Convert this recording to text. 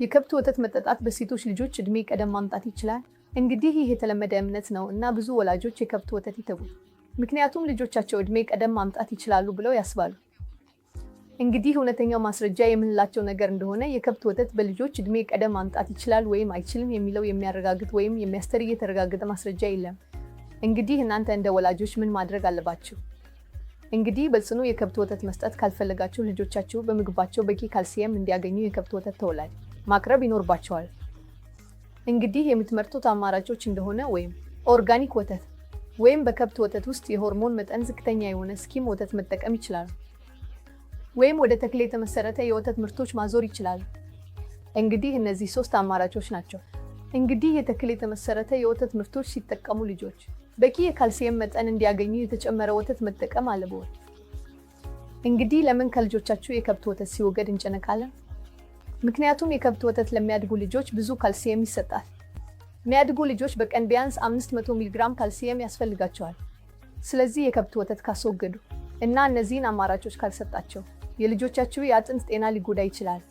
የከብት ወተት መጠጣት በሴቶች ልጆች እድሜ ቀደም ማምጣት ይችላል። እንግዲህ ይህ የተለመደ እምነት ነው እና ብዙ ወላጆች የከብት ወተት ይተው፣ ምክንያቱም ልጆቻቸው እድሜ ቀደም ማምጣት ይችላሉ ብለው ያስባሉ። እንግዲህ እውነተኛው ማስረጃ የምንላቸው ነገር እንደሆነ የከብት ወተት በልጆች እድሜ ቀደም ማምጣት ይችላል ወይም አይችልም የሚለው የሚያረጋግጥ ወይም የሚያስተር የተረጋገጠ ማስረጃ የለም። እንግዲህ እናንተ እንደ ወላጆች ምን ማድረግ አለባችሁ? እንግዲህ በጽኑ የከብት ወተት መስጠት ካልፈለጋችሁ ልጆቻችሁ በምግባቸው በቂ ካልሲየም እንዲያገኙ የከብት ወተት ተወላጅ ማቅረብ ይኖርባቸዋል። እንግዲህ የምትመርጡት አማራጮች እንደሆነ ወይም ኦርጋኒክ ወተት ወይም በከብት ወተት ውስጥ የሆርሞን መጠን ዝቅተኛ የሆነ ስኪም ወተት መጠቀም ይችላል። ወይም ወደ ተክል የተመሰረተ የወተት ምርቶች ማዞር ይችላል። እንግዲህ እነዚህ ሶስት አማራጮች ናቸው። እንግዲህ የተክል የተመሰረተ የወተት ምርቶች ሲጠቀሙ ልጆች በቂ የካልሲየም መጠን እንዲያገኙ የተጨመረ ወተት መጠቀም አለብዎት። እንግዲህ ለምን ከልጆቻችሁ የከብት ወተት ሲወገድ እንጨነቃለን? ምክንያቱም የከብት ወተት ለሚያድጉ ልጆች ብዙ ካልሲየም ይሰጣል። የሚያድጉ ልጆች በቀን ቢያንስ 500 ሚሊግራም ካልሲየም ያስፈልጋቸዋል። ስለዚህ የከብት ወተት ካስወገዱ እና እነዚህን አማራጮች ካልሰጣቸው የልጆቻችሁ የአጥንት ጤና ሊጎዳ ይችላል።